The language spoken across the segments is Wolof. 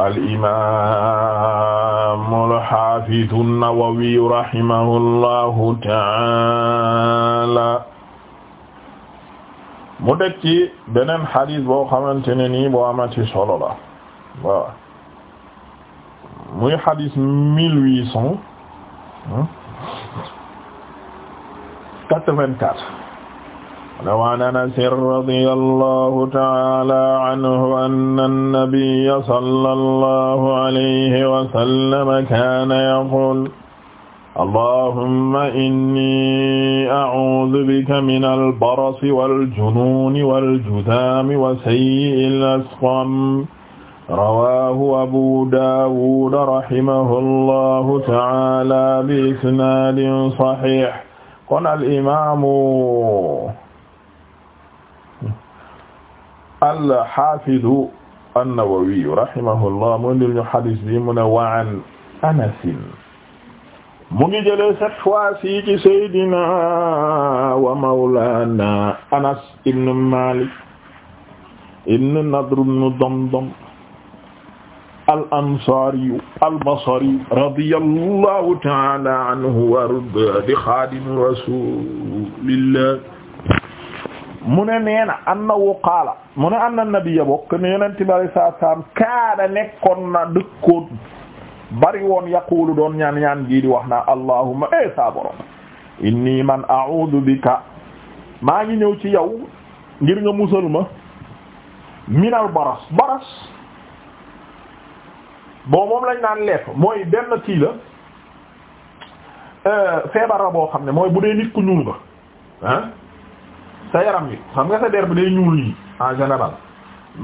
al imaam al haafiz an-Nawawi rahimahullahu ta'ala mu teg ci beneen xadis boo xamante ne nii boo amati solo la waaw muy xadis mille huit cent وعن أنس رضي الله تعالى عنه أن النبي صلى الله عليه وسلم كان يقول اللهم إني أعوذ بك من البرص والجنون والجذام وسيء الأسقم رواه أبو داود رحمه الله تعالى بإسناد صحيح قال الإمام al-Haafidu an-Nawawi rahimahullah mu indil ñu xadis bi mu ne wa an Anas mu ngi jëlee cette fois ci ci Seydina wa Mawlana Anas ibn Malik ibn Nadr ibn Damdam al-Ansari al-Basri radiyallahu ta'ala anhu wa arda di xaadimu rasulillah mu ne nee na annahu qaala mu ne anna nabiyya bokk ne yonente bi alayhi salaatu salaam kaada nekkoon na dëkkoon bari woon yaqulu doon ñaan ñaan gii di wax naa allahumma e saa inni man a'uudu bika maa ngi ñëw ci yow ngir nga musal ma minal baras baras bon moom lañ naan leef mooy benn kii la euh, feebar la boo xam ne mooy bu dee nit ku ñuul nga ah sa yaram wi xam nga sa der bi day ñuul nii en général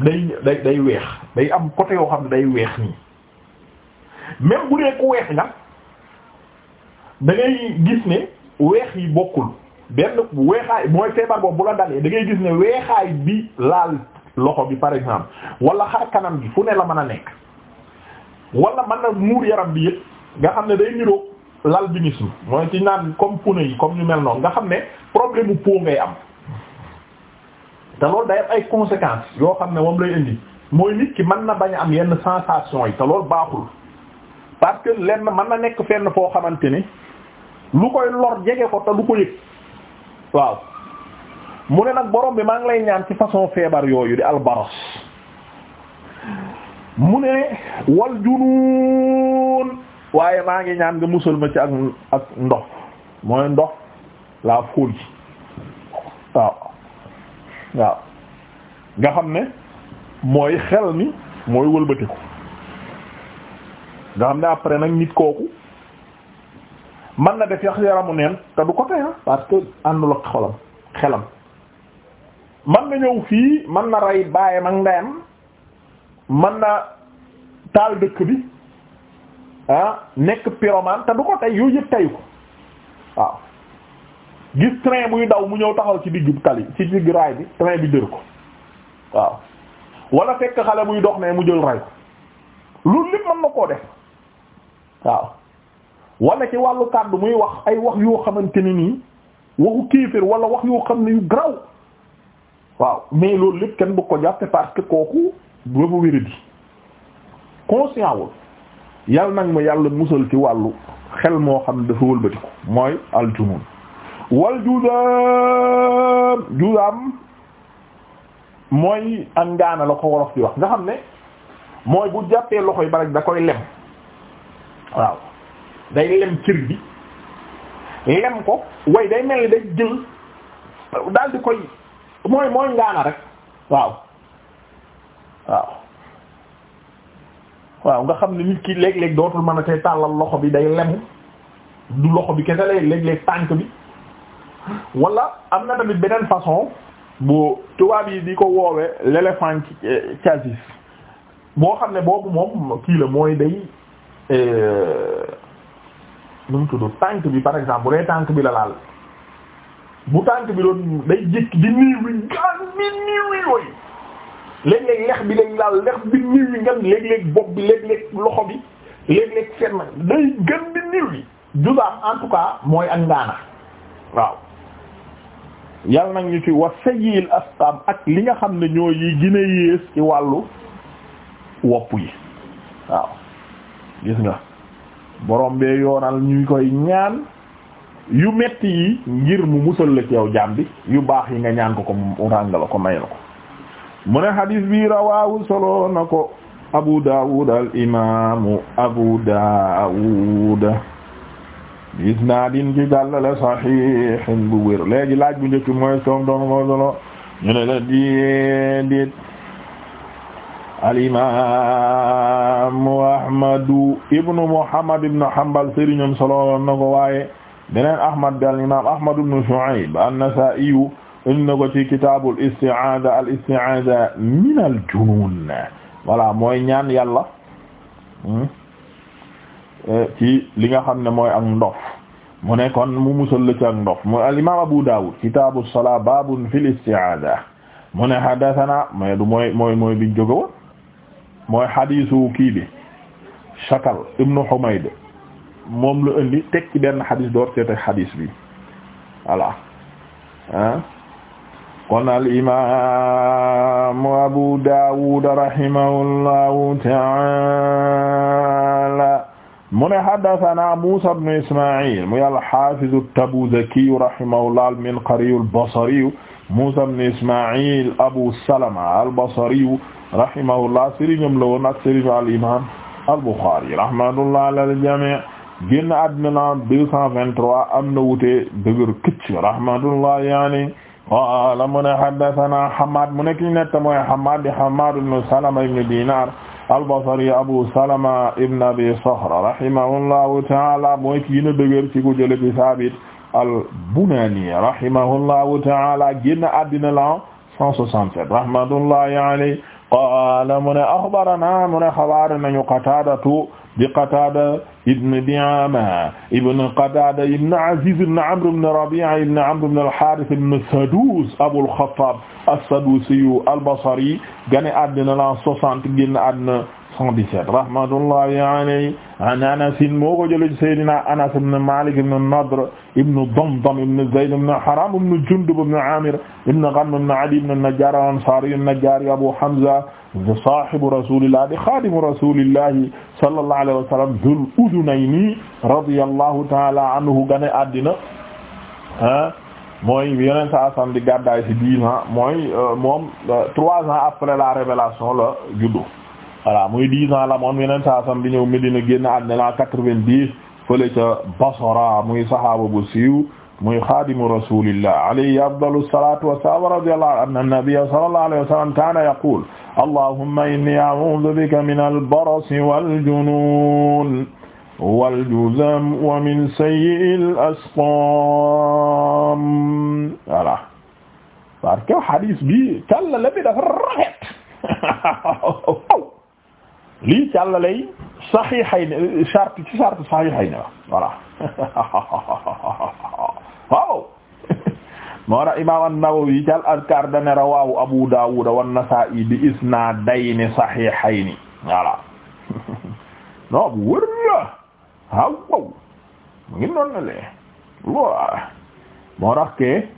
day day weex day am côté yoo xam ne day weex nii même bu dee ku weex nga da gis ne weex yi bokkul benn weexaay mooy feebar boobu bu la dalee da ngay gis ne weexaay bi laal loxo bi par exemple wala xar kanam gi fu ne la mën a nekk walla mën a muur yaram bi yëpp nga xam ne day niroog l'albinisme mooy ci naan comme pune yi comme ñu mel noonu nga xam ne problème bu po ngay am te loolu day ay conséquences yoo xam ne moom lay indi mooy nit ki mën na bañ a am yenn sensation yi te loolu baaxul parce que lenn man na nekk fenn foo xamante ni lu koy lor jege ko te du ko yëg waaw mu ne nag borom bi maa ngi lay ñaan ci façon feebar yooyu di albaros mu ne wal junuun waaye maa ngi ñaan nga musal ci ak ak ndox mooy ndox la folie waaw waaw nga xam ne mooy xel mi mooy wëlbatiku nga xam ne après nag nit kooku mën na def yax yaramu neen te du ko tey ah, parce que àndul ak xolam xelam man na ñëw fii man na rey baayam ak ndeyam man na taal dëkk bi ah nekk pyromane te du ko tey yooyu yëpp teyu ko waaw gis train buy daw mu ñëw taxaw ci digg tali ci digg raay bi train bi dër ko waaw wala fekk xale buy dox ne mu jël ray ko loolu lépp mën na koo def waaw wala ci wàllu kàddu muy wax ay wax yoo xamante ni nii waxu kéefër wala wax yoo xam ne yu graw waaw mais loolu lépp kenn bu ko jàppe parce que kooku dafa wéradi conscient wul yàlla nag ma yàlla musal ci wàllu xel moo xam dafa wëlbati ko mooy aljunoon wal juzaam juzaam mooy ak ngaana la ko wolof di wax nga xam ne mooy bu jàppee loxo yi ba da koy lem waaw day lem cër bi lem ko way day mel ni day jël daal di koy mooy mooy ngaana rek waaw waaw nga xam ne nit ki léeg-léeg dootul mën a tey tàllal loxo bi day lemu du loxo bi kese léeg-léeg tànk bi wala am na tamit beneen façon bu tubaab yi di ko woowee l'éléphantiasis eh, boo xam ne boobu moom kii la mooy day eh, nu mu tudd tànk bi par exemple bu dee tànk bi la laal bu tànk bi doon day jékki di niiw yi gaan bi niiw yi yooyu lañ laal lex bi niiw yi ngan léeg-léeg bopp bi léeg-léeg loxo bi léeg-léeg fenn day gën di niiw yi jusaam en tout cas mooy ak ngaana waaw yàlla nag ñu ci wa sayyil asqam ak li nga xam ne ñoo yi gën yées ci wàllu wopp yi waaw gis nga borom bee yoonal ñu koy ñaan yu metti yi ngir mu musal la ci yow jaam bi yu baax yi nga ñaan ko ko mu ràng la ko may la ko mu ne xadis bi rawaahu solo na ko abu daawud al imaamu abu daawud isnaadin ci jàllale saxiixin bu wér léegi laaj bu njëkk mooy soom doon ko solo ñu ne la déedéet alimaamu ahmadu ibnu muhammad ibnu hanbal sëriñam solo na waaye beneen ahmad bi alimaam ahmad ibnu shu'ayb an-nasaa'iyu indi na ko ci kitaabul isti'aada al min al junuun mooy ñaan yàlla hmm, eh, ci li nga xam ne mooy ak ndof mu ne kon mu musal ci al-imaam Abu Daawud kitaabu salaa baabun fil isti'aada mu ne haddasanaa mais du mooy mooy mooy biñ jóge mooy hadiisu kii bi Shakal ibnu moom la indi teg ci benn door te teg hadis bi voilà ah kon al-imaam Abu Daawud rahimahullahu ta'aala mu ne haddasanaa Muusaa ibn Ismaa'iil muy al-Haafiz at-Tabuzaki rahimahullah al-Minqari al-Basri Muusaa ibn Ismaa'iil Abu Salama al-Basri rahimahullah sëriñam la woon ak sëriñu al-Imaam al-Buxaari rahmatullah ala al-jamii' génn àddina 223 am na wuute dëgër këcc rahmatullah yaani qaala mu ne haddasanaa Hammaad mu ne ki ñu nekk mooy Hammaad Hammaad ibn Salama ibn Diinaar al-Basri Abu Salama ibn Abi Sakhra rahimahullahu ta'ala mooy ki gën a dëgër ci ku jële bi Saabit al-Bunani rahimahullahu ta'ala génn àddina la 167 rahmatullahi alayhi qaala mu ne axbarana mu ne xabaar nañu Qataadatu di Qatada ibn Di'ama ibn Qatada ibn Aziz ibn Amr ibn Rabi'a ibn Amr ibn al-Harith ibn Sadus Abul Khattab as-Sadusi al-Basri gane àddina la 60 génn àddina 117 rahmatullahi alayhi an Anas moo ko jëlee Seydina Anas ibn Malik ibn Nadr ibn Damdam ibn Zayd ibn Haram ibn Jundub ibn Amir ibn Ghanm ibn Adi ibn an-Najjar al-Ansari an-Najjari Abu Hamza sahibu rasulillah di khadimu rasulillah sallallahu alayhi wa sallam dhul udunayni radiyallahu ta'ala anhu gane addina ah mooy yeneen saa sam di gàddaay ci dix ans mooy euh, moom euh, trois ans après la révélation la juddu voilà muy dix ans la moon yeneen saa sam bi ñëw Medina génn àddina la quatre-vingt-dix fële ca Basra muy sahaaba bu siiw muy xaadimu rasulillah alayhi afdalu salatu wassalam wa radiyallahu anhu anna nabiyya sallallahu alayhi wa sallam kana yaqul allahumma inni a'udhu bika min al-barasi wal-junun wal-juzam wa min sayyi'il asqam voilà parce que hadis bi talla la bi dafa rafet lii càllalay saxiixay ne charte ci charte saxiixay ne la voilà waaw moo tax imaam an-Nawawi ci al-Azkaar dane rawaahu Abu Daawuud wa an-Nasaa'i bi isnaadayni saxiixayni voilà non bu wër la waaw waaw mu ngi noonu le moo tax ke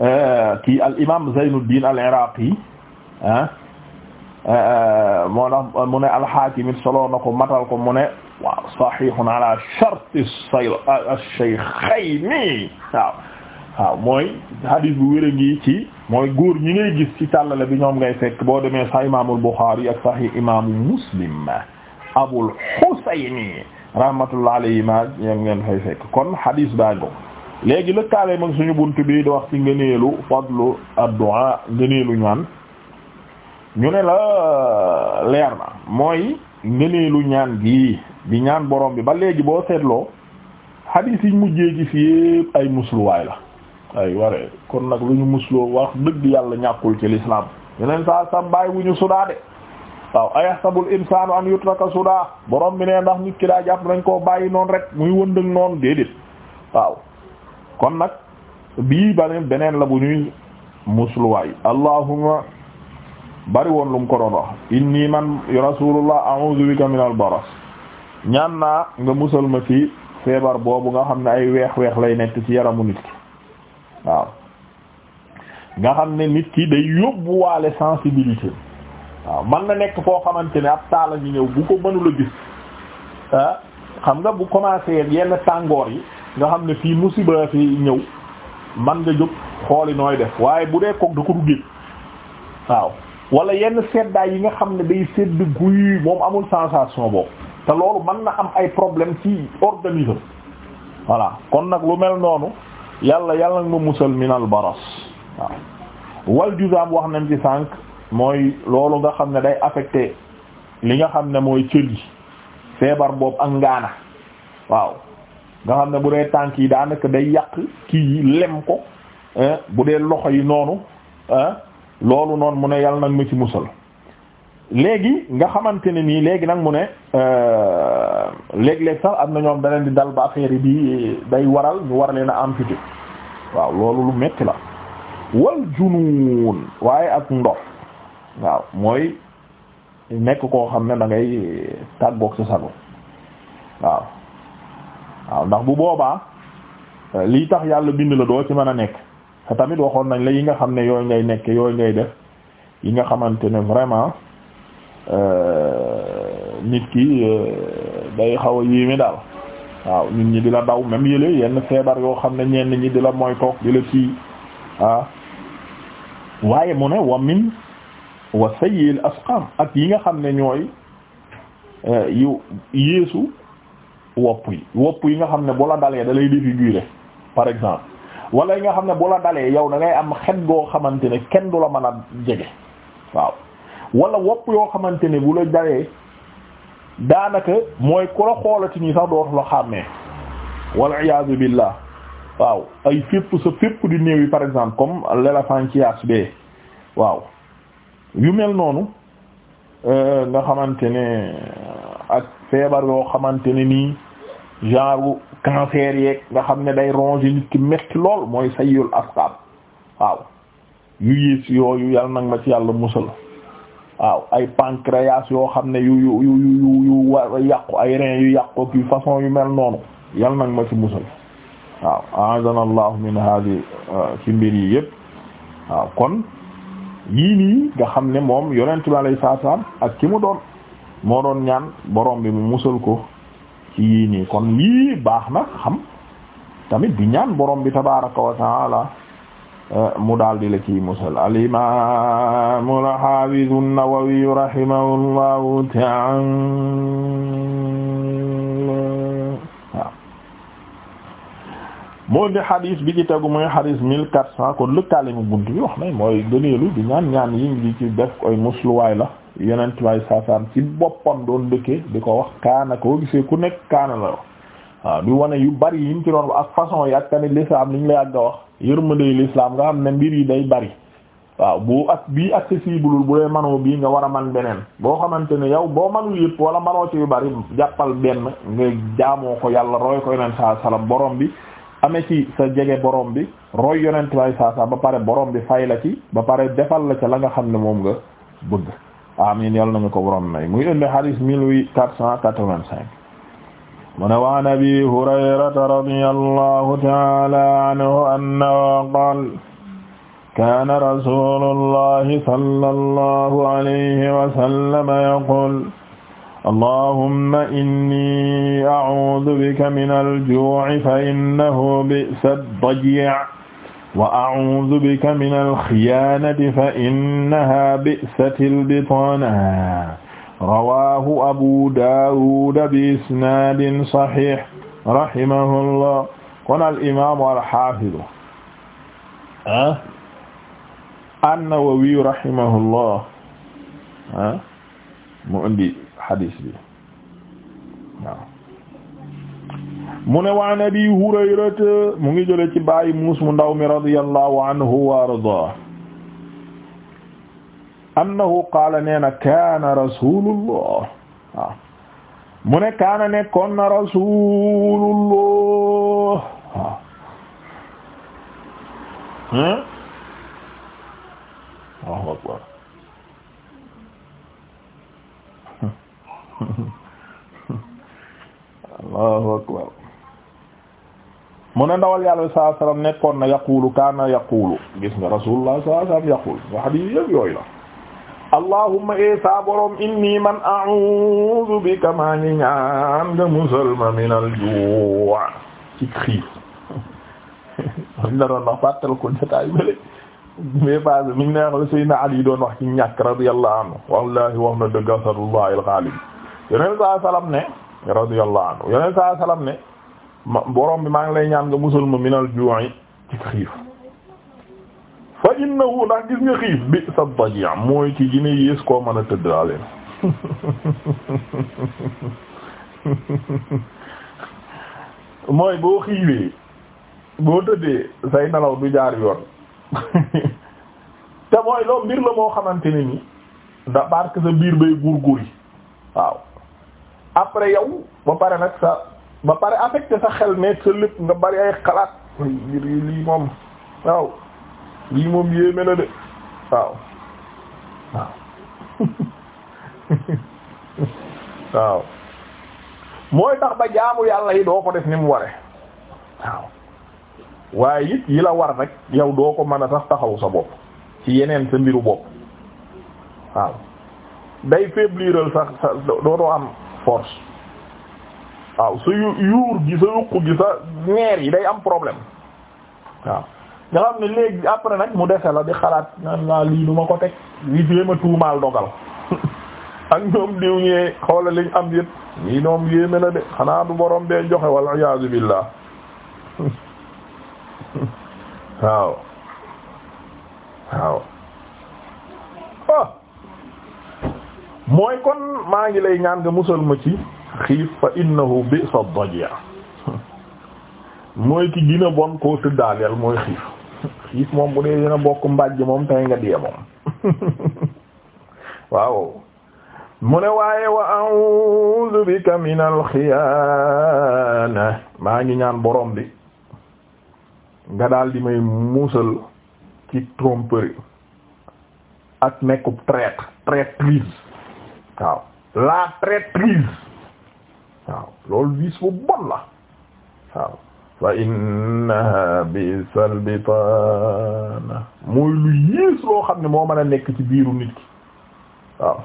eh, kii al imaam Zaynuddin al-Iraaqi ah Euh, moo tax mu na ko matal ko mu ne waaw saxiixun ala sharti ash mooy hadis bu wér a ngi ci mooy góor ñi ngay gis ci tàllale bi ñoom ngay fekk boo demee sax imaamul Buxaari ak sax imaamu Muslim Abul Xusayni rahmatullah alayhima ñoom ngeen fekk kon hadis baa ngo léegi lëkkaale mag suñu bunt bi di fadlu ad-du'a ngëneelu ñaan ñu ne la euh, leer na mooy ngëneelu ñaan gi di ñaan borom bi ba léegi boo seetloo hadith yi mujjee gi fi yépp ay musluwaay la ay waree kon nag lu ñu musloo wax dëgg yàlla ñàkkul ci l'islam yeneen saa sa bàyyi wu ñu sudaa de waaw ayahsabul insaanu an yutraka sudaa borom bi ne ndax nit ki daa jàpp nañ koo bàyyi noonu rek muy wëndëg noonu déedéet waaw kon nag bii beneen beneen la bu ñuy musluwaay allahumma bari woon lu mu ko doon wax inni man rasulullah a'udhu bika min al-baras ñaan naa nga musal ma ci feebar boobu nga xam ne ay weex weex lay nekk ci yaramu nit ki waaw nga xam ne nit ki day waale sensibilité waaw man na nekk koo xamante ne ab taala ñu ñëw bu ko mënula gis ah, xam nga bu commencé yenn tàngoor yi nga xam ne fii musiba fi ñëw man nga jóg xooli nooy def waaye bu dee koog da ko duggee waaw wala yenn seddaay yi nga xam ne day sedd guy moom amul sensation boobu te loolu mën na am ay problème ci organisme voilà kon nag lu mel noonu yàlla yàlla nga ma musal minal baras waaw wal juzaam wax nañ ci sànq mooy loolu nga xam ne day affecté li nga xam ne mooy cër yi feebar boobu ak ngaana waaw nga xam ne bu dee tànk yi daanaka day yàq kii yi lem ko bu dee loxo yi noonu loolu noonu mu ne yàlla nag ma ci musal léegi nga xamante ne nii léegi nag mu ne euh, léeg-léeg sax am na ñoom da di dal ba affaire yi bi day waral ñu war leen a amputé waaw loolu lu metti la wal junuun waaye ak ndox waaw mooy nekk koo xam ne dangay ngay tàggoog sa sago waaw waaw ndax bu boobaa euh, lii tax yàlla bind la doo ci mën a nekk tamit waxoon nañ la yi nga xam ne yooyu ngay nekk yooyu ngay def yi nga xamante ne vraiment euh, nit ki euh, day xaw a yéeme daal waaw nit ñi di la daw même yële yenn feebar yoo xam ne ñenn ñi di la mooy toog di la kii ah waaye mu ne wa min wa sayyil asqam ak yi nga xam ne ñooy euh, yu yéesu wopp yi wopp yi nga xam ne bu la dalee da lay défigurer par exemple wala yi nga xam ne bu la dalee yow da ngay am xet goo xamante ne kenn du la mën a jege waaw wala wopp yoo xamante ne bu la dalee daanaka mooy ku la xoolati nii sax dootu la xàmmee wal iyaazu billah waaw ay fépp sa fépp di néew yi par exemple comme l'éléphantiasis bee waaw yu mel noonu euh, nga xamante ne ak feebar yoo xamante ne nii genre cancer yeeg nga xam ne day ronger nit ki metti lool mooy sayyul asqab waaw yu yiis yooyu yàlla nag ma ci yàlla musal waaw ay pancréas yoo xam ne yu yu yu yu yu yàqu ay reins yu yàqu ak yu façon yu mel noonu yàlla nag ma ci musal waaw a'adana min hadi euh, ci mbir yi yëpp waaw kon yii nii nga xam ne moom yonent bi alayhi salaam ak ki mu doon moo doon ñaan borom bi mu musal ko ci yii nii kon lii baax na xam tamit di ñaan borom bi tabaraka wa taala eh, mu daal di la ciy musal al imam al hafiz an-Nawawi rahimahullahu ta'ala moo di xadis bi ci tegu mooy xadis mille quatre cent kon lëkkaale mu bunt bi wax na mooy gëneelu di ñaan ñaan yi ngi ci def koy musluwaay la yonent may saasaan ci boppam doon dëkke di ko wax kaana koo gisee ku nekk kaana la wax waaw di wane yu bari yi mu ci doon ak façon yi ak tamit l'islam li ñu la yàgg a wax yërmandey l'islam nga xam ne mbir yi day bari waaw bu ak bii accessible bu dee manoo bii nga war a man beneen boo xamante ne yow boo manul yëpp wala manoo ci yu bari jàppal benn nga jaamoo ko yàlla roy ko yonent saa salam borom bi ame ci sa jege borom bi roy yonent way ba pare borom bi fay la ci ba pare defal la ca la nga xam ne moom nga bëgg amin yàlla nañu ko borom may muy indi hadis mille huit quatre cent quatre-vingt-cinq mu ne wa an abi hurayrata radiyallahu ta'ala anhu annahu qaala kaana rasulullahi sallallahu alayhi wa sallam yaqul allahumma inni a'uudu bika minal juu'i fa innahu bi'sa ad-dayyi' wa a'uuzu bika minal xiyaanati fa innahaa bi'satil bitaana rawaahu abu daawuda bi isnaadin saxiix rahimahullah kon al imaamu al xaafidu ah an-Nawawi rahimahullah ah mu indi xadiis bi waaw. mu ne waan abi hurayrata mu ngi jële ci bàyyi mus mu ndaw mi radiyallahu anhu wa ardaa annahu qaala nee na kaana rasulullah waaw mu ne kaana nekkoon na rasulullah waaw hmm? Allahu akbar Allahu akbar mu ne ndawal yàlla saa sallam nekkoon na yaqulu kaana yaqulu gis nga rasulullah saa sallam yaqul nga xam ne yëpp yooyu la allahumma e sa borom inni man a'udhu bika maa ngi ñaan nga musal ma min al juu' ci xiif am na doon wax fàttal ko jotaay bële mais phase mi ngi neex la Seydina Ali doon wax ci ñàkk radiyallahu anhu wallahi wax na dëgg asadullahi al ghalib yeneen saa sallam ne radiyallahu anhu yeneen saa sallam ne ma borom bi maa ngi lay ñaan nga musal ma minal ju'i ci xiif fa innahu ndax gis nga xiif bi sa daji' mooy ci gine yées koo mën a tëddale mooy boo xiifee boo tëddee say nelaw du jaar yoon te mooy loo mbir la moo xamante ne ni da parce sa biir bay gurguri waaw après yow ba pare nag sa ba pare affecté sa xel mais sa lépp nga bari ay xalaat mbir yi lii moom waaw lii moom yéeme na de waaw waaw mooy tax ba jaamu yàlla yi doo ko def ni mu ware waaw waaye it yi la war rek yow doo ko mën a tax taxaw sa bopp ci yeneen sa mbiru bopp waaw day faibliral sax sa doo doo am force waaw sa yuur gi sa yuq gi sa ñeer yi day am problème waaw nga xam ne léegi après nag mu dese la di xalaat naan naa lii nu ko teg lii fie ma tuumaal dogal ak ñoom diw ñee xoola liñ am yëpp ñii ñoom yéeme na de xanaa du borom bee joxe walla iyaazu billaah waaw waaw ah! mooy kon maa ngi lay ñaan nga musal ci xiif fa innahu bi'sa ad-daji' mooy ki gën a bon koo tëddaaleel mooy xiif xiif moom bu dee dina bokk mbàjj moom tey nga dee moom waaw mu ne waaye wa maa ngi ñaan boroom bi nga daal di may muusal ci tromperie ak nekkub traître traîtrise waaw la traîtrise waaw loolu vice bu bon la waaw fa innaha bi salbitaana mooy lu yées loo xam ne moo mën a nekk ci biiru nit ki waaw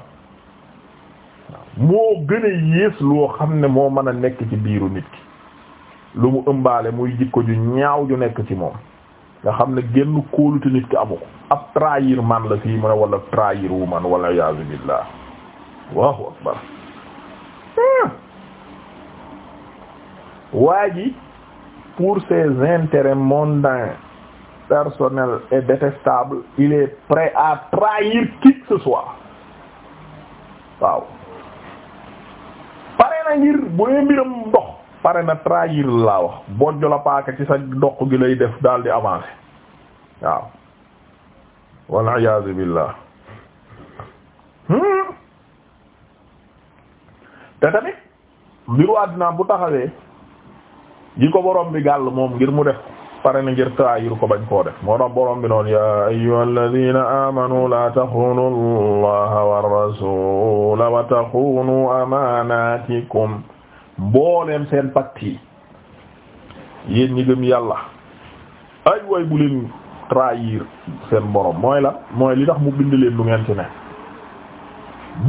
moo gën a yées loo xam ne moo mën a nekk ci biiru nit ki lu mu ëmbaale muy jikko ju ñaaw ju nekk ci moom nga xam ne génn kóolute nit ki amu ko ab trahir man la fii mu ne wala trahir wu man wala yaazu billah allahu akbar waa ji pour ses intérêts mondains personnels et détestables il est prêt à trahir qui ce soit waaw pare na ngir bu dee mbiram dox pare na trahir laa wax bojjo la paaka ci sa dox gi lay def daal di avancer waaw wal iyaazu billah hmm? te tamit mbiru àddina bu taxawee gi ko borom bi gàll moom ngir mu def pare na ngir trahir ko bañ koo def moo tax borom bi noonu ya ayyuhal ladina amanu la taxunu allaha war rasula wa taxunu amanatikum mbooleem seen pacte yi yéen ñi gëm yàlla ay way bu leen trahir seen borom mooy la mooy li tax mu bind leen lu ngeen ci ne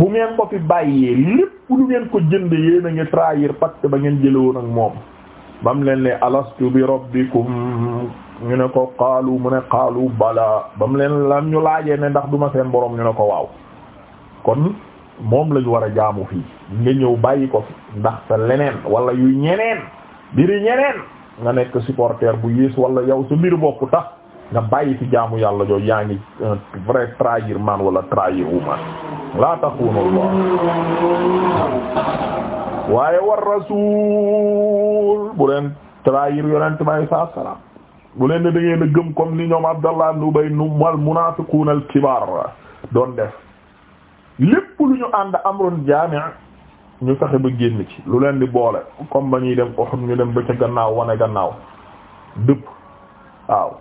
bu ngeen ko fi bàyyee lépp lu ngeen ko jënd yéen a ngi trahir pacte ba ngeen jëlewoon ak moom bam leen ne alastu bi rabbikum ñu ne ko qaalu mu ne qaalu bala bam leen la ñu laajee ne ndax duma seen borom ñu ne ko waaw kon moom lañu war a jaamu fii nga ñëw bàyyi ko fi ndax sa leneen walla yu ñeneen biri ñeneen nga nekk supporter bu yées wala yow sa mbir bopp tax nga bàyyi fi jaamu yàlla jooju yaa ngi un trahir man wala trahir wu man laa taxuunu Allah waaye war rasul bu leen trahir yonent bi alayhi salaatu salaam bu leen ne da ngeen a gëm comme ni ñoom Abdallah ibn Ubay wal munaafiquun al kibaar doon def lépp lu ñu ànd amrun jaami' ñu fexe ba génn ci lu leen di boole comme ba ñuy dem Uhud ñu dem ba gannaaw wane gannaaw dëpp waaw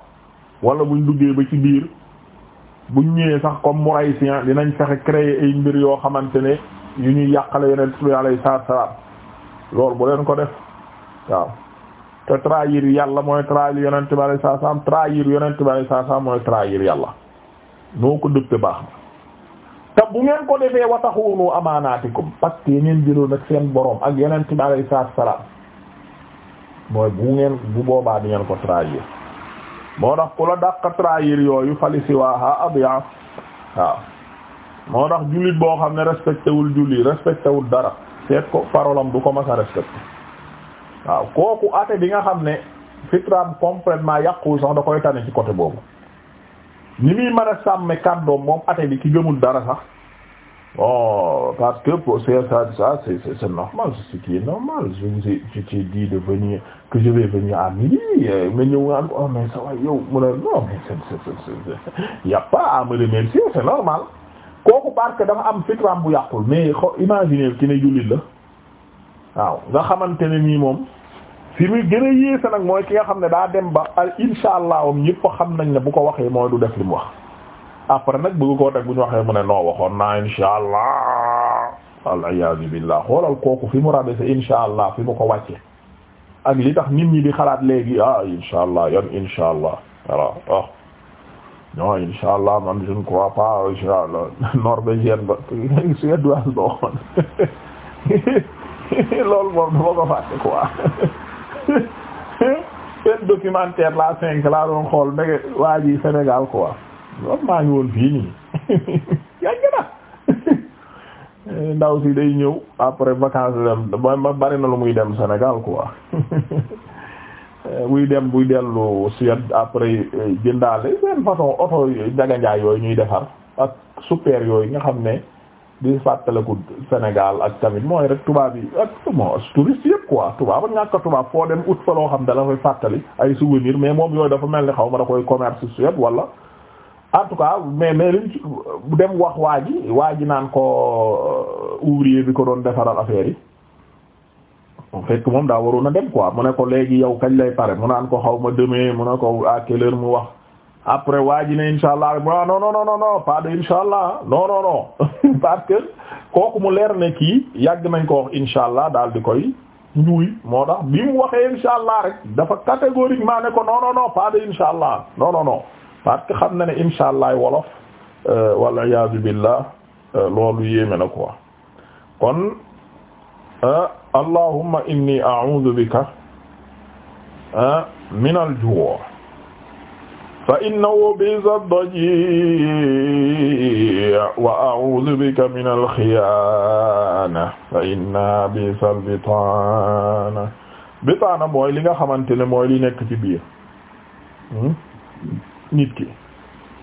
wala buñ duggee ba ci biir buñ ñëwee sax comme Muraysi dinañ fexe créer ay mbir yoo xamante ne yu ñuy yàqale yonent bi alayhi salaatu wa salaam bu leen ko def waaw te trahir yàlla mooy trahir yonent bi alayhi salaatu wa salaam trahir yonent bi mooy trahir yàlla noo ko dëppe baax na te bu ngeen ko defee wa taxuunu amaanaatikum pacte yi ngeen jëloon seen borom ak yonent bi alayhi salaatu wa mooy bu ngeen bu boobaa di ngeen ko trahir moo tax ku la dàq trahir yooyu fali siwaaha abiya waaw moo tax jullit boo xam ne respecté wul julli respecté wul dara seet ko parolam du ko mas waaw kooku ate bi nga xam ne fitraam complètement yàquwul sax da koy tane ci côté boobu ni muy mën a sàmme kàddoom moom ate bi ki gëmul dara sax bon oh, parce que c'est ça ça c'est c'est normal c'est qui est normal je vous ai je de venir que je venir à midi euh, mais ñëw nga ko oh mais ça va yow mu ne non mais c'est c'est c'est y a normal kooku parce que dafa am fitraam bu yàqul mais xo ki ne jullit la waaw nga xamante ne nii moom fi muy gën a yéese nag mooy ki nga xam ne daa dem ba insha allah am ñëpp xam nañ ne bu ko waxee mooy du def li mu wax après nag bëgg koo teg bu ñu waxee mu ne noo waxoon naa insha allah al iyaadu billah xoolal kooku fi mu rabese insha allah fi mu ko wàcce ak li tax nit ñi di xalaat léegi ah insha allah yan insha allah non incha allah man je ne crois pas incha allah norvégienne ba suédoise ba waxoon loolu moom dama ko fàtte quoi seen documentaire la cinq laa doon xool ndege waa ji Sénégal quoi loolu maa ngi woon fii nii yàgg na ndaw si day ñëw après vacances dem ba bari na lu muy dem Sénégal quoi Euh, buy dem buy dellu Suède après euh, jëndaale seen façon oto jaganjaay yooyu ñuy defar ak super yooyu nga xam ne di fàttaliku Sénégal ak tamit mooy rek tubaab yi ak mo touriste yëpp quoi tubaab ak ñàkk tubaab foo dem ut fa loo xam da la koy fàttali ay souvenir mais moom yooyu dafa mel ni xaw ma da koy commerce Suède wala en tout cas mais mais liñ dem wax waa ji waa ji naan ko euh, ouvrier bi ko doon defaral affaire yi fekk moom daa waroon a dem quoi mu ne ko léegi yow kañ lay pare mu naan ko xaw ma demee mu ne ko à quelle mu wax après waa ji ne insha ah, allah non non non non allah non kooku mu leer ne kii yàgg nañ ko wax insha allah daal di koy njuuy moo tax bi mu waxee insha allah rek dafa catégoriquement ne ko non non non insha allah non non non parce xam na ne insha allah wolof euh, wal iyaazu billah euh, loolu yéeme na quoi kon. Euh, allahumma inni a'udhu bika min al-ju' fa innahu bi-dad-dajji' wa a'udhu bika min al-khiyana fa inna bi-sal-bitana bitana mooy li nga xamante ne mooy li nekk ci biir hmm? nit ki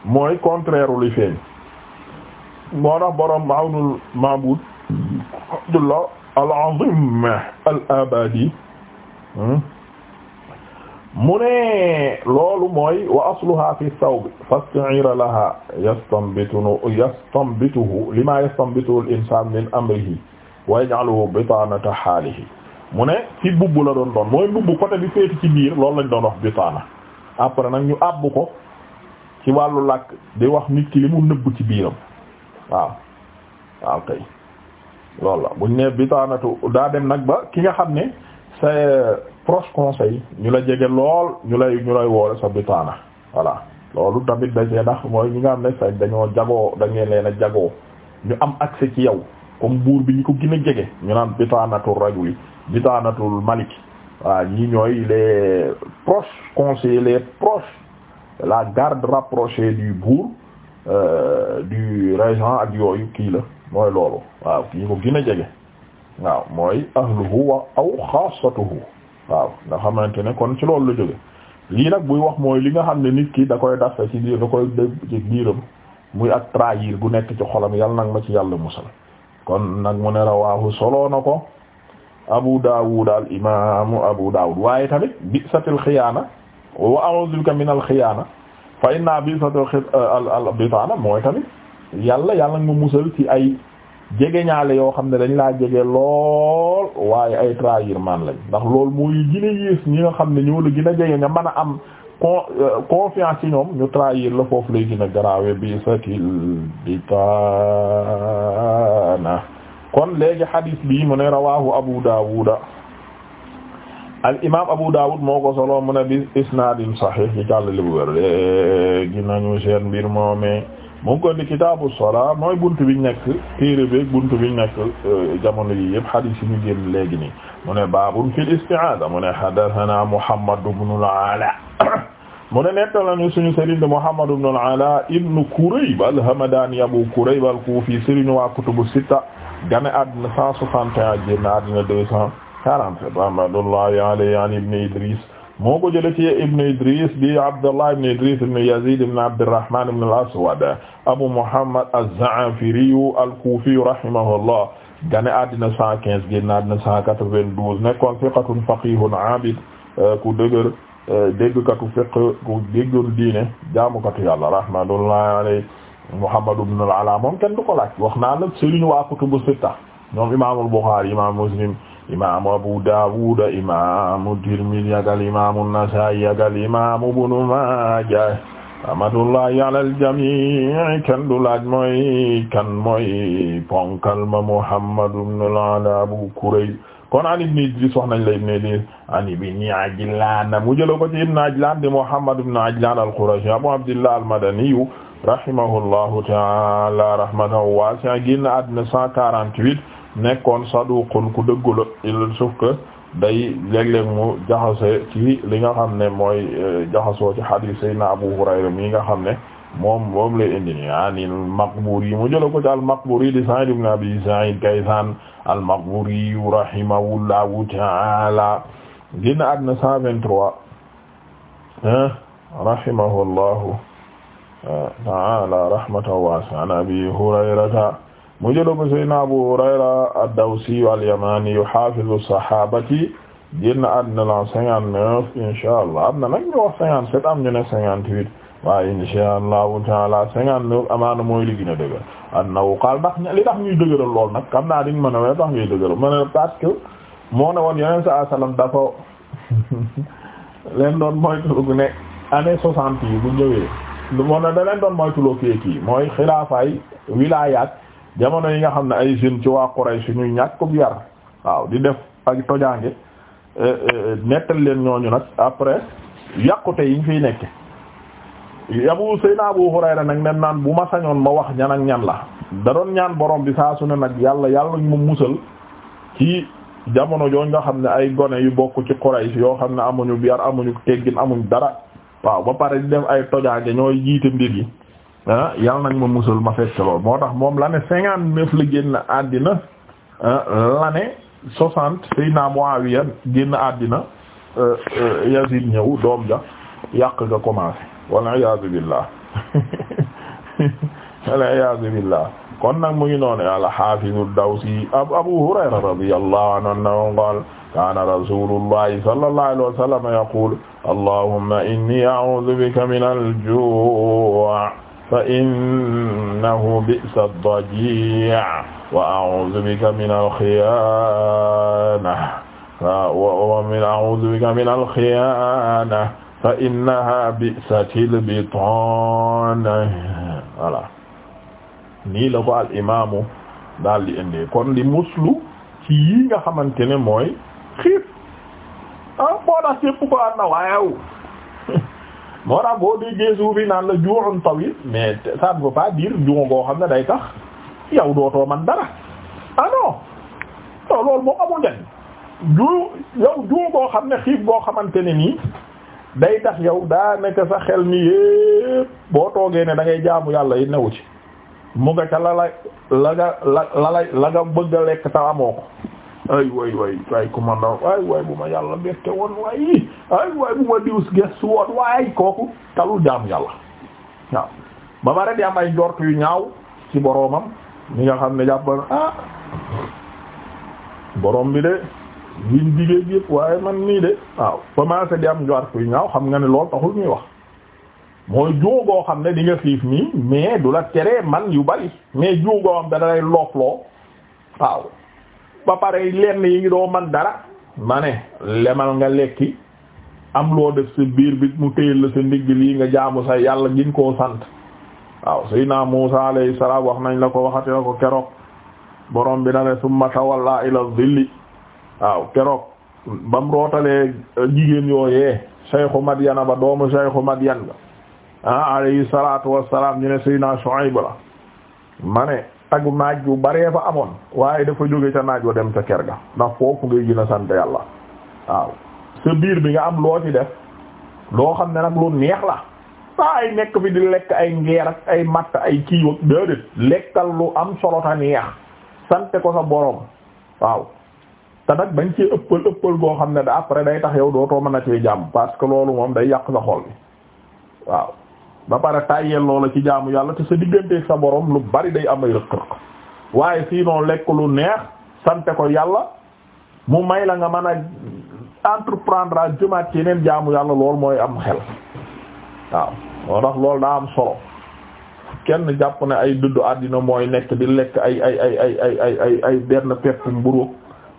mooy contraire li feeñ moo tax borom Awnul Ma'bud Abdullah al-Azim al-Abadi mu ne loolu mooy wa asluha fi thawb fasti'ira laha yastanbituhu yastanbituhu lima yastanbituhu al-insan min amrihi wa yaj'aluhu bitanata haalihi mu ne ci mbubb la doon doon mooy mbubb côté bi féeti ci biir loolu lañ doon wax bitaana après nag ñu àbb ko ci wàllu làkk di wax nit ki li mu nëbb ci biiram waaw waaw kay loolu la buñ ne bitaanatu daa dem nag ba ki nga xam ne sa euh, proche conseil ñu la jege lool ñu lay ñu lay woole sa bitaana voilà loolu tamit dajee ndax mooy ñu nga xam ne sa dañoo jagoo da ngeen leen a jagoo ñu am accès ci yow comme buur bi ñu ko gën a jege ñu naan bitaanatul rajuli bitaanatul malik waaw ñi ñooy les proches conseillers les proches la garde rapprochée du bourg euh, du régent ak yooyu kii la mooy loolu waaw kii ko gën a jege waaw mooy ahluhu wa aw xaasatuhu waaw nga xamante ne kon ci loolu la jóge lii nag buy wax mooy li nga xam ne nit ki da koy dafe ci biir da koy dégg ci biiram muy ak trahir gu nekk ci xolam yàlla nag ma ci yàlla musal kon nag mu ne rawaahu soloo na ko Abu Dawud al imaamu Abu Dawud waaye tamit bi'satil xiyaana wa a'uuzu bika minal xiyaana fa inna bi'satil al al bitaana mooy tamit yàlla yàlla nga musal ci ay jegeñaale yoo xam ne dañ laa jege lool waaye ay trahir man lañ ndax loolu mooy gën yées ñi xam ne ñoo la gën a jege nga mën a am con euh, confiance ci ñoom ñu trahir la foofu lay gën garaawe bi satil di taana kon léegi hadis bi mu ne rawahu Abu Dawud al imam Abu Dawud moo ko solo mu ne bi isnaadin sahih ci jàllale bu nañu seen mbir moomee mu ngi ko indi kitaabu sola mooy buntu bi ñu nekk téere bi buntu bi ñu nekk euh, jamono yi yëpp hadis yi ñu génn léegi nii mu ne baabun fil isti'aada mu ne haddasanaa Muhammad ibn al-Alaa mu ne nettal nañu suñu sëriñ Muhammad ibn al-Alaa ibn Kurayb al-Hamdaani Abu Kurayb al-Kuufi sëriñu waa kutubu sitta gane àddina 161 génn àddina 247 rahmatullahi alayhi an ibn Idriis moo ko jëlee ci Ibn Idris bi Abdullah ibn Idris ibn Yazid ibn Abdurrahman ibn al-Aswad Abu Muhammad az-Za'afiri al-Kufi rahimahullah gane àddina 115 génn àddina 192 nekkoon fiqatun faqihun abid ku dëgër déggkatu fiqh ku déggoon diine jaamukatu yàlla rahmatullahi alayhi Muhammad ibn al-Ala moom kenn du ko laaj wax naa la Serigne waa kutubu sitta ñoom Imam al-Bukhari Imam Muslim imaamu Abu Dawud imaamu Tirmidhi ak al imaamu Nasaa'i ak al imaamu Ibnu Maaja rahmatullahi alal jamii kenn du laaj mooy kan mooy ponkal ma Muhammad ibn al-Ala Abu Kurayb kon an ibn Idris wax nañ la ibn Idris an ibn Ajlan mu jël ko ci ibn Ajlan di Muhammad ibn Ajlan al-Qurashi Abu Abdillah al-Madani rahimahullahu ta'ala rahmatan wasi'a génn àddina 148 nekkoon saduqun ku dëggu la il sauf que day léeg mu jaxase ci li nga xam ne mooy euh, jaxasoo ci hadith Seydina Abu Hurayra mi nga xam ne moom moom lay indi al-Maqburi mu jël ko ci al-Maqburi di Sa'id ibn Abi Sa'id Kaysan al-Maqburi rahimahullahu ta'ala génn àddina 123 rahimahullahu euh, ta'ala rahmatan wasi'an Abi Hurayrata mu jëlo ko Seydina Abu Hurayra ad-Dawsi al-Yamani hafizu sahabati génn àddina la cinquante-neuf inchallah am na nag ñu wax cinquante-sept am ñu ne cinquante-huit waaw inchallahu taala cinquante-neuf amaana mooy li gën a dëgër annahu qaal ndax li tax ñuy dëgëral lool nag xam naa diñ mën a wee tax ngay dëgëral ma ne parce que moo ne woon yeneen sa sallam dafa leen doon moytulug ne année soixante yi bu ñëwee moo ne da leen doon moytuloo kii mooy xilaafaay jamono yi nga xam ne ay jeunes ci waa yu ñuy ñàkkub yar waaw di def ak tojaange eh, eh, nettal leen ñooñu nag après yàqute yiñ fiy nekke yabu sayna Abu Hurayra nag nen naan bu ma sañoon ma wax ñan ak ñan la da doon ñaan borom bi saa su ne nag yàlla yàlla mu musal ci jamono jooñ nga xam ne ay gone yu bokk ci Quraysh yoo xam ne amuñu yar amuñu teggin amuñ dara waaw ba pare di def ay tojaange ñooy jiite mbir yi ah yal nañ ma musal ma fekk moo tax moom l'année cinquante neuf la génn àddina l'année soixante Seydina Muawiya génn àddina Yazid ñëw doom ja yàq nga commencé walla iyaazu billah walla iyaazu billah kon nag mu ngi noonu al-Haafizu Dawsi Abu Hurayra radiyallahu anhu annahu qaala kaana rasuulullahi sallallahu alayhi wa sallam yaqulu allahumma inni a'uuzu bika minal juu' fa innahu bi'sa ad-daji' wa a'udhu bika min al-khiyana wa min a'udhu bika min al-khiyana fa innaha bi'satil bitan voilà nii la ko al imaamu daal di indee kon di muslu ci yi nga xamante ne mooy xiif ah boo tax képp ko am na waayaw moo tax boo déggee suufi naan la juuxun tawil mais ça ne baa pas dire goo xam ne day tax yow dootoo man dara ah non non amul njariñ ju yow juuxu xam ne xiif boo xamante ne nii day tax yow daa nekk sa xel mi yépp boo toogee ne dangay jaamu yàlla yi newu ci mu nga ca la la la nga la la la nga bëgg a lekk ta amoo ko ay way way waay bu ma yàlla bette woon waay ay waay kooku talul jaam yàlla waaw ba pare di am ay njort yu ñaaw ci boroomam ñi nga xam ne jàppan ah borom bi de liñ diggee yëpp waaye man nii de waaw commencé di am njort yu ñaaw xam nga ne loolu taxul ñuy wax mooy jóogoo xam ne di nga nii mais du la teree man yu bari mais jóogoo am dana lay looploo waaw ba pare lenn yi ngi doo man dara ma lemal nga lekki am loo def sa biir bi mu téyel la sa ndigg lii nga jaamu sa yàlla gin koo sant waaw Seydina Muusa alayhi salaam wax nañ la ko waxate na ko keroog borom bi na ne summa tawalla ila zilli waaw keroog bam rootalee jigéen yooyee Shaykhu Madyana ba doomu Shaykhu Madyan ba ah alayhi salaatu wassalaam ñu ne Seydina Shuayb la ma ne taggu naaj bu baree fa amoon waaye dafa jóge ca naaj wa dem ca ker ga ndax foofu ngay gën a sant yàlla waaw sa biir bi nga am loo ci def loo xam ne nag lu neex la saa ay nekk bi di lekk ay ngeer ak ay matt ay kiiwag déedéet lekkal lu am solo ta neex sante ko sa borom waaw te nag bañ ci ëppal ëppal goo xam ne da après day tax yow dootoo mën a cee jàmm parce loolu moom day yàq sa xol bi waaw ba pare tàyyeel loola ci jaamu yàlla te sa digganteeg sa borom lu bari day amay rëq-rëq waaye sinon lekk lu neex sante ko yàlla mu may la nga mën a entreprendre à jëmaat yi yeneen jaamu yàlla lool mooy am xel waaw moo tax loolu daa am solo kenn jàpp na ay dëddu àddina mooy nekk di lekk ay ay ay ay ay benn pepp mburóog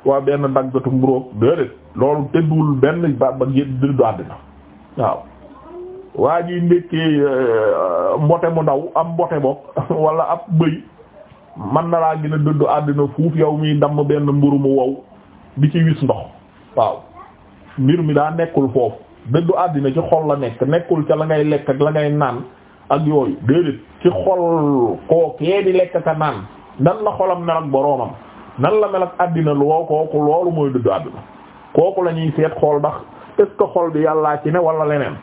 waa benn daggatu mburóog déedéet loolu tëdduwul benn ba ba dëddu àddina waaw waa ji ndékkee euh, mbote mu ndaw am mbote bokk wala ab bëy man na laa gën a dëdd àddina fuuf yow mii damm benn mburu mu wow di ci wis ndox waaw mbir mi daa nekkul foofu dëddu àddina ci xol la nekk nekkul ca la ngay lekk la ngay naan ak yooyu déedéet ci xol kookee di lekk ka naan nan la xolam mel ak boroomam nan la mel ak àddina loo kooku loolu mooy dëddu àddina kooku la ñuy seet xool ndax est ce xol bi yàllaa ci ne wala leneen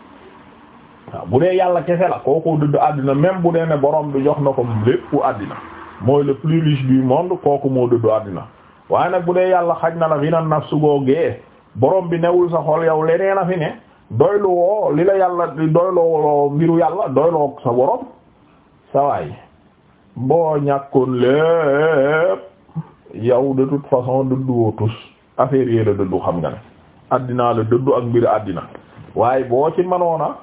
waaw bu dee yàlla kese la kooku dudd àddina même bu dee ne borom bi jox na ko lépp àddina mooy le plus riche du monde kooku moo dudd àddina waaye nag bu dee yàlla xaj na la fi na naf sugoogee borom bi newul sa xool yow leneen a fi ne doylu woo li la yàlla doyloo mbiru yàlla doyloo sa borom sa waay boo ñàkkoon lépp yow de toute façon dëddu woo tus affaire la dëddu xam nga ne addinaa la dëddu ak mbir addina waaye boo ci manoona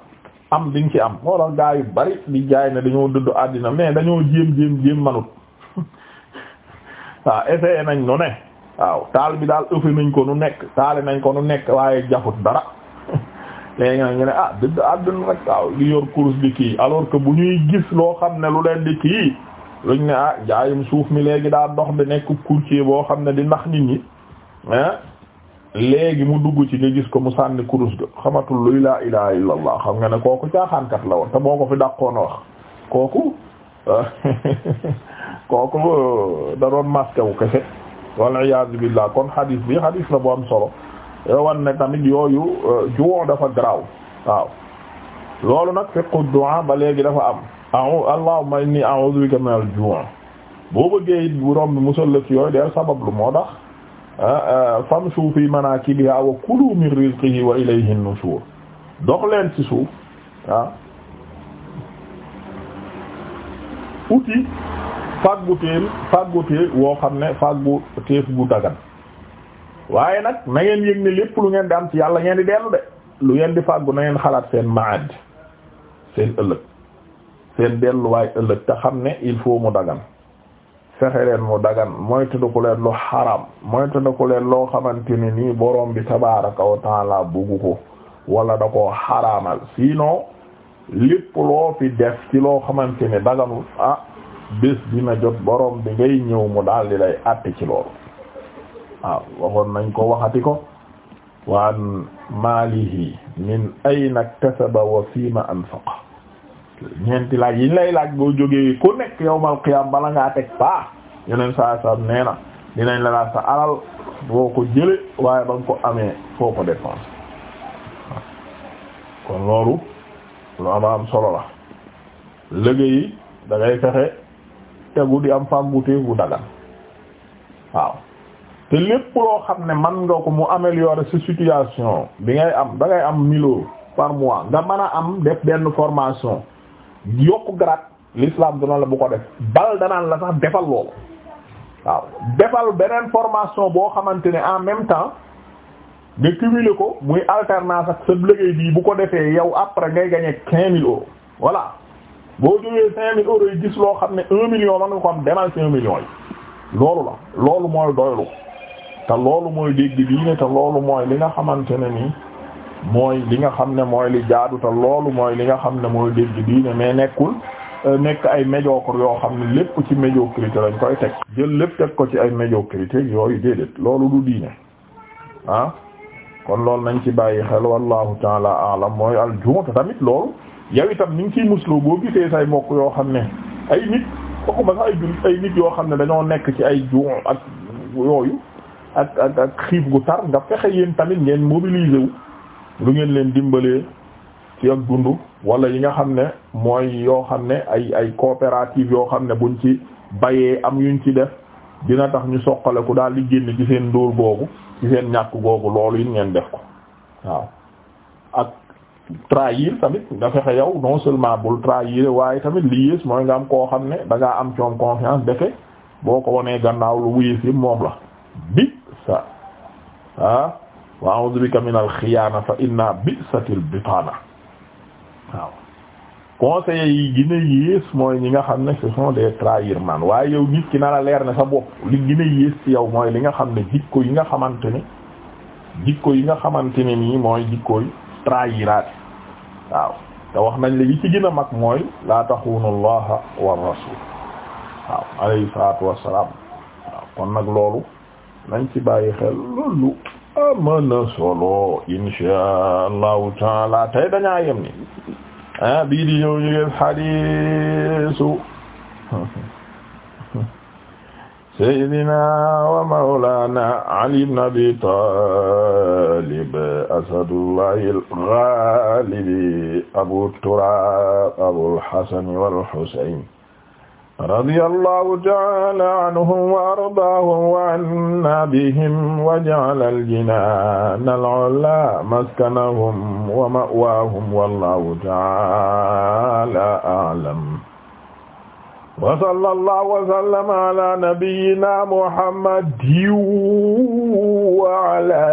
am diñ ci am moo tax gaa yu bari di jaay ne dañoo dëdd àddina mais dañoo jéem jéem jéem manut waaw essayé nañ nu ne waaw taal bi daal ëfe nañ ko nu nekk taale nañ ko nu nekk waaye jafut dara léegi nag ñu ne ah dëdd àddina rek waaw li yor course di kii alors que bu ñuy gis loo xam ne lu leen di kii luñ ne ah jaayum suuf mi léegi daa dox di nekk courtier boo xam ne di nax nit ñi ah léegi mu dugg ci nga gis ko mu sànni kurus ga xamatul luy laa ilaha illa xam nga ne kooku caaxaankat la woon te moo ko fi dàqoon a wax kooku kooku euh, da doon masque wu kese walla iyaazu billah kon hadis bi hadis la bu am solo yooyu euh, juwoo dafa garaaw waaw loolu nag fiqu du'a ba léegi dafa am au allahumma inni a'udhu bika min al ju' boo bëggee it bu romb musal la ci yooyu deel moo tax famshu fi manakibiha wa kulu min rizqihi wa ilayhi nushur dox leen ci suuf ah uti faggu teel faggu teel woo xam ne faggu teef gu dagan waaye nag na ngeen yëg ne lépp lu ngeen di am ci yàlla ngeen di dellu de lu ngeen di faggu na xalaat seen maad seen ëllëg seen delluwaay ëllëg te xam ne il faut mu dagan fexe leen mu dagan moytandiku leen lu xaram moytandiku leen loo xamante ne nii borom bi tabaaraka wa taala buggu ko wala da ko xaraamal sinon lépp loo fi def ci loo xamante ne daganul ah bés dina jot borom bi ngay ñëw mu daal di lay àtte ci loolu waaw ah, waxoon nañ ko waxati ko waan maalihi min ayna iktasaba wa fiima anfaqa ñeenti laaj yi ñu lay laaj boo jógee ku nekk yawmal qiyaam bala ngaa teg paa yeneen saa saa nee na dinañ la laaj sa alal boo ko jële waaye ba nga ko amee foo ko dépense kon loolu lu am am solo la liggéey da ngay fexe tegu di am fam bu téef bu dagan waaw te lépp loo xam ne man nga ko mu améliorer sa situation bi ngay am da am mille euros par mois nga mën a am def benn formation yokk garaat l'islam dana la bu ko def bal danaan la sax defal loolu waaw defal beneen formation boo xamante ne en même temps nga cumuler ko muy alternance ak sa liggéey bii bu ko defee yow après ngay gagner quinze mille euros voilà boo jógee cinq mille euros yi gis loo xam ne un million man nga ko am demal cinq millions yi loolu la loolu mooy doylu te loolu mooy dégg bii ne te loolu mooy li nga xamante ne nii mooy li nga xam ne mooy li jaaduta loolu mooy li nga xam ne mooy dégg diine mais nekkul euh, nekk ay médiocre yoo xam ne lépp ci médiocrité lañ koy teg jël lépp teg ko ci ay médiocrité yooyu déedéet loolu du diine ah kon loolu nañ ci bàyyi xel wallahu taala alam mooy aljumata tamit loolu yow itam ni ngi ciy musloo boo gisee say mbokk yoo xam ne ay nit bokkuma sax ay jullit ay nit yoo xam ne dañoo nekk ci ay jum ak yooyu ak ak ak xiif gu tar nga fexe yéen tamit ngeen mobiliser wu lu ngeen leen dimbalee ci ak dund wala yi nga xam ne mooy yoo xam ne ay ay coopérative yoo xam ne buñ ci bayee am yuñ ci def dina tax ñu soqale ku daal di génne ci seen ndóol googu ci seen ñàkk googu loolu yi ngeen def ko waaw ak trahir tamit nga fexe yow non seulement bul trahir waaye tamit li yées mooy nga am koo xam ne da am coom confiance defe boo ko wanee gannaaw lu wuyis yi moom la bi sa ah wa a'udhu bika min al-xiyaana fa inna bi'satil bitaana waaw conseillers yi gën yées mooy ñi nga xam ne ce sont des trahirman waaye yow nit ki na la leer ne sa bopp li gën yées ci yow mooy li nga xam ne jikko yi nga xamante ni jikko yi nga xamante ne nii mooy jikkooy trahiraat waaw te wax nañ la yi ci gën a mag mooy laa taxuunu allaha war rasul waaw alayhi salaatu wassalaam waaw kon nag loolu nañ ci bàyyi xel loolu mën na solo insha allahu taala tay dañaa yem ni ah bii di ñëw ñu gis hadiisu Seydina wa Mawlana Ali ibn Abi Talib asadullahi al-ghalibi Abu Turab Abul Hasan wal Husayn radiyallahu ta'ala anhum wa ardaahum wa anna bihim wa ja'ala al-jinaana al-'ulaa maskanahum wa ma'waahum wallahu ta'ala a'lam wa sallallahu wa sallama ala nabiyyina muhammadin wa ala